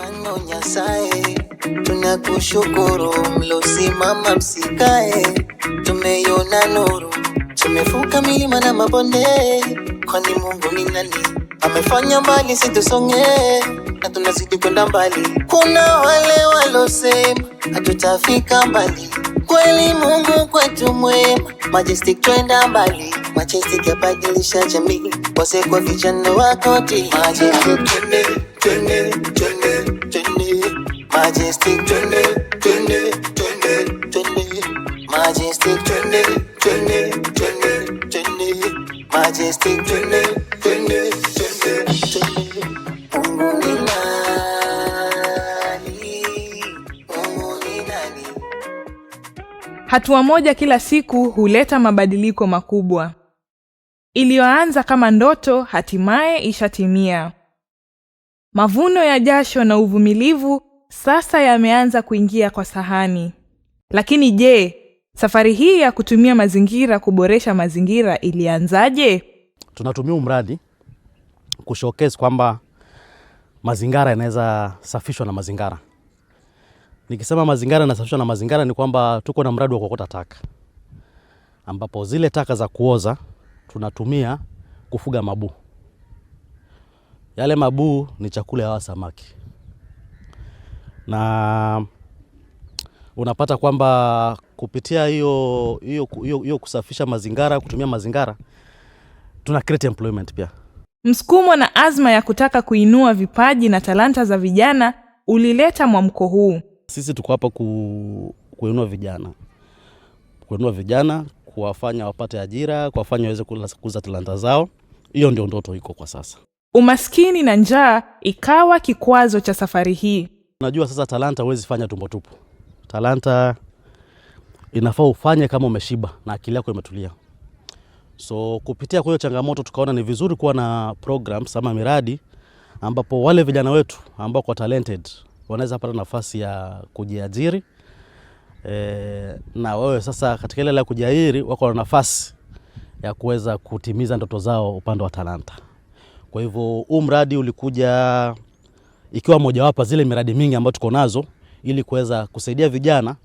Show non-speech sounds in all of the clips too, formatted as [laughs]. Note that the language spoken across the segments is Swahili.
mshikamano Nyasaye, tunakushukuru mlosimama msikae, tumeiona nuru, tumevuka milima na mabonde, kwani Mungu ni nani? Amefanya mbali situsonge, na tunazidi kwenda mbali. Kuna wale walosema hatutafika mbali, kweli Mungu kwetu mwema. Majestic twenda mbali, Majestic yabadilisha jamii, wase kwa vijana wakoti Majestic twende, twende, twende Majestic twende twende twende twende Majestic twende twende twende twende Majestic twende twende twende twende Mungu ni nani? Mungu ni nani? Hatua moja kila siku huleta mabadiliko makubwa. Iliyoanza kama ndoto hatimaye ishatimia. Mavuno ya jasho na uvumilivu sasa yameanza kuingia kwa sahani. Lakini je, safari hii ya kutumia mazingira kuboresha mazingira ilianzaje? Tunatumia umradi kushokes kwamba mazingara yanaweza safishwa na mazingara Nikisema mazingara yanasafishwa na mazingara ni kwamba tuko na mradi wa kuokota taka, ambapo zile taka za kuoza tunatumia kufuga mabuu. Yale mabuu ni chakula ya samaki na unapata kwamba kupitia hiyo hiyo kusafisha mazingara, kutumia mazingara tuna create employment pia. Msukumo na azma ya kutaka kuinua vipaji na talanta za vijana ulileta mwamko huu. Sisi tuko hapa ku, kuinua vijana, kuinua vijana, kuwafanya wapate ajira, kuwafanya waweze kuza talanta zao. Hiyo ndio ndoto iko kwa sasa. Umaskini na njaa ikawa kikwazo cha safari hii. Najua sasa talanta huwezi fanya tumbo tupu. Talanta inafaa ufanye kama umeshiba na akili yako imetulia. So kupitia kwa hiyo changamoto tukaona ni vizuri kuwa na programs ama miradi ambapo wale vijana wetu ambao kwa talented wanaweza pata nafasi ya kujiajiri e, na wewe sasa katika ile ya kujiajiri wako na nafasi ya kuweza kutimiza ndoto zao upande wa talanta. Kwa hivyo huu mradi ulikuja ikiwa mojawapo zile miradi mingi ambayo tuko nazo ili kuweza kusaidia vijana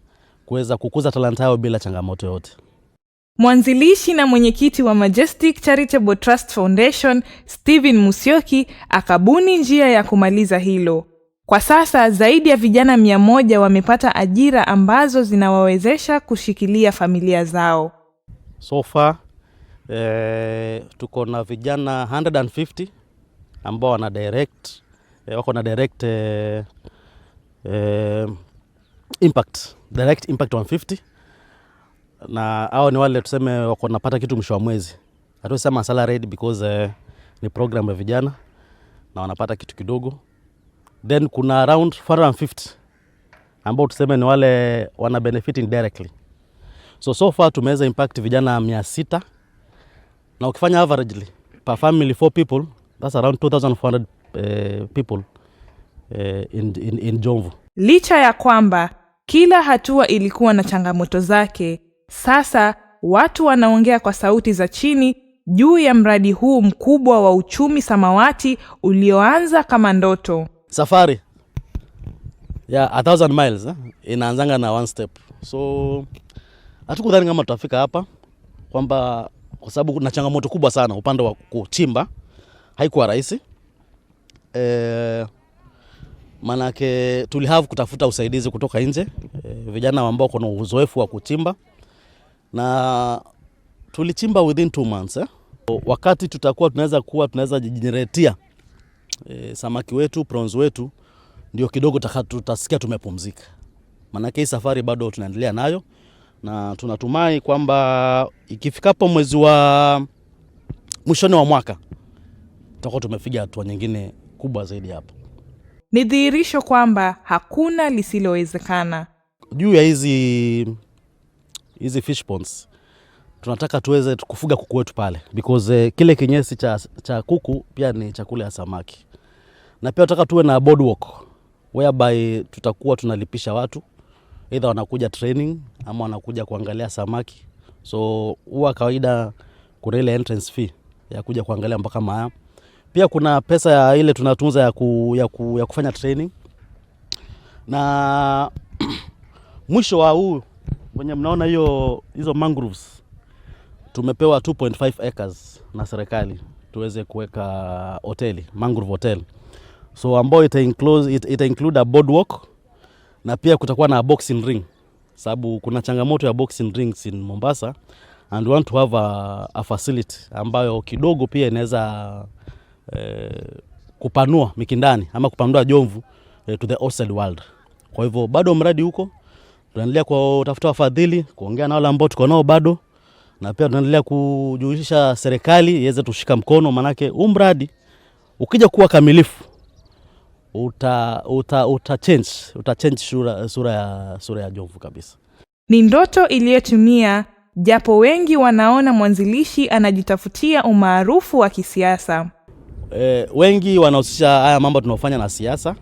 kuweza kukuza talanta yao bila changamoto yote. Mwanzilishi na mwenyekiti wa Majestic Charitable Trust Foundation, Steven Musyoki akabuni njia ya kumaliza hilo. Kwa sasa zaidi ya vijana mia moja wamepata ajira ambazo zinawawezesha kushikilia familia zao. So far eh, tuko na vijana 150 ambao wana direct Eh, wako na direct eh, eh, impact direct impact 150 na hao ni wale tuseme wako napata kitu mwisho wa mwezi, hatuwezi sema salaried because eh, ni program ya vijana na wanapata kitu kidogo. Then kuna around 450 ambao tuseme ni wale wana benefit indirectly. So so far tumeweza impact vijana 600 na ukifanya averagely per family 4 people that's around 2400 uh, people uh, in, in, in Jomvu. Licha ya kwamba kila hatua ilikuwa na changamoto zake, sasa watu wanaongea kwa sauti za chini juu ya mradi huu mkubwa wa uchumi samawati ulioanza kama ndoto. Safari ya yeah, miles eh, inaanzanga na one step, so hatukudhani kama tutafika hapa, kwamba kwa sababu na changamoto kubwa sana upande wa kuchimba, haikuwa rahisi eh, manake tulihavu kutafuta usaidizi kutoka nje eh, vijana ambao kuna uzoefu wa kuchimba na tulichimba within two months eh. Wakati tutakuwa tunaweza kuwa tunaweza jijeneretia eh, samaki wetu prawns wetu, ndio kidogo tutasikia tumepumzika, manake hii safari bado tunaendelea nayo na tunatumai kwamba ikifikapo mwezi wa mwishoni wa mwaka tutakuwa tumefiga hatua nyingine kubwa zaidi hapo. Ni dhihirisho kwamba hakuna lisilowezekana. Juu ya hizi hizi fish ponds tunataka tuweze kufuga kuku wetu pale because eh, kile kinyesi cha, cha kuku pia ni chakula ya samaki, na pia tunataka tuwe na boardwalk whereby tutakuwa tunalipisha watu either wanakuja training ama wanakuja kuangalia samaki. So huwa kawaida kuna ile entrance fee ya kuja kuangalia mpaka mayam pia kuna pesa ya ile tunatunza ya, ku, ya, ku, ya kufanya training na [clears throat] mwisho wa huu wenye mnaona hiyo hizo mangroves tumepewa 2.5 acres na serikali tuweze kuweka hoteli mangrove hotel, so ambayo ita include, it, ita include a boardwalk na pia kutakuwa na boxing ring, sababu kuna changamoto ya boxing rings in Mombasa and want to have a, a facility ambayo kidogo pia inaweza Eh, kupanua Mikindani ama kupanua Jomvu eh, to the outside world. Kwa hivyo bado mradi huko tunaendelea kutafuta wafadhili, kuongea na wale ambao tuko nao bado, na pia tunaendelea kujulisha serikali iweze tushika mkono, manake huu mradi ukija kuwa kamilifu uta, uta, uta change, uta change sura, sura ya, sura ya Jomvu kabisa. Ni ndoto iliyotumia japo wengi wanaona mwanzilishi anajitafutia umaarufu wa kisiasa. E, wengi wanahusisha haya mambo tunaofanya na siasa,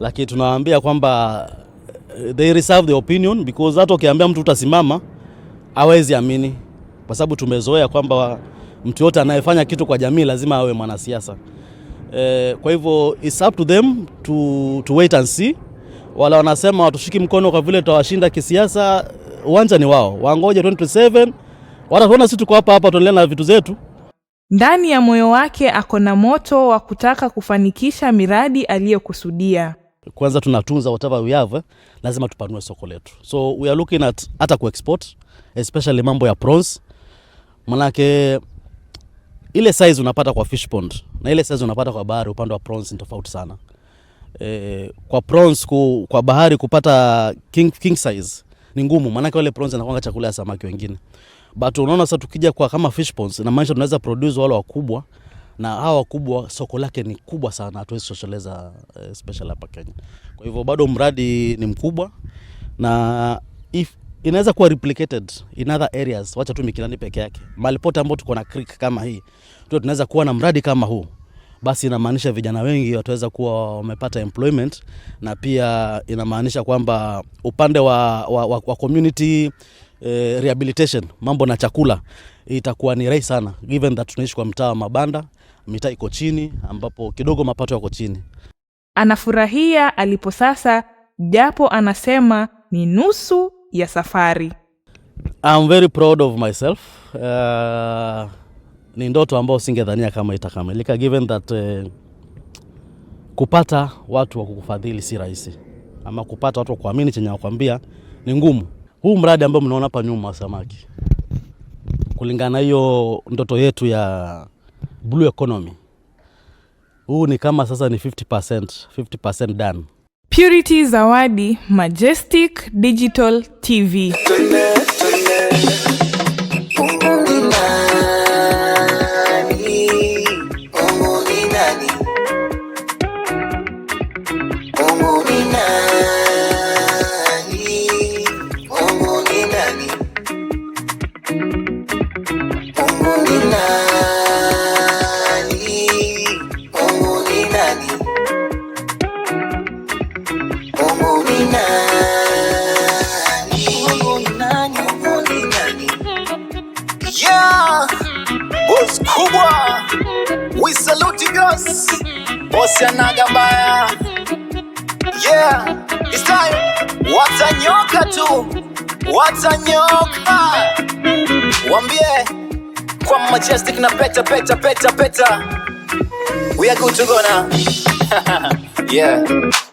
lakini tunawaambia kwamba eh, they reserve the opinion because hata ukiambia mtu utasimama hawezi amini, kwa sababu tumezoea kwamba mtu yote anayefanya kitu kwa jamii lazima awe mwanasiasa. E, kwa hivyo it's up to them to, to wait and see. Wala wanasema watushiki mkono kwa vile tutawashinda kisiasa, uwanja ni wao, wangoje 2027 watatuona. Sisi tuko hapa hapa tunaendelea na vitu zetu. Ndani ya moyo wake ako na moto wa kutaka kufanikisha miradi aliyokusudia. Kwanza tunatunza whatever we have, lazima tupanue soko letu, so we are looking at hata ku export especially mambo ya prawns, manake ile size unapata kwa fish pond na ile size unapata kwa bahari upande wa prawns ni tofauti sana. E, kwa prawns ku, kwa bahari kupata king, king size ni ngumu, maanake wale prawns anakuanga chakula ya samaki wengine. But unaona sasa tukija kwa kama fish ponds na maisha tunaweza produce wale wakubwa na hawa wakubwa soko lake ni kubwa sana, hatuwezi sosheleza uh, special hapa Kenya. Kwa hivyo bado mradi ni mkubwa na if inaweza kuwa replicated in other areas, wacha tu Mikindani peke yake, mahali pote ambapo tuko na creek kama hii tu tunaweza kuwa na mradi kama huu, basi inamaanisha vijana wengi wataweza kuwa wamepata employment, na pia inamaanisha kwamba upande wa, wa, wa, wa community eh, rehabilitation mambo na chakula itakuwa ni rahisi sana, given that tunaishi kwa mtaa wa mabanda, mitaa iko chini, ambapo kidogo mapato yako chini. Anafurahia alipo sasa, japo anasema ni nusu ya safari. I'm very proud of myself. Uh, ni ndoto ambayo singedhania kama itakamilika given that uh, kupata watu wa kukufadhili si rahisi, ama kupata watu wa kuamini chenye wakwambia ni ngumu huu mradi ambao mnaona hapa nyuma wa samaki, kulingana na hiyo ndoto yetu ya blue economy, huu ni kama sasa ni 50%, 50% done. Purity Zawadi, Majestic Digital TV. nani? Mungu ni nani? Mungu ni nani? Yeah! Boss kubwa. We salute you guys. Boss anaga baya. Yeah! It's time. Watanyoka tu. Watanyoka. Wambie kwa Majestic na peta peta peta peta. We are good to go now. [laughs] yeah.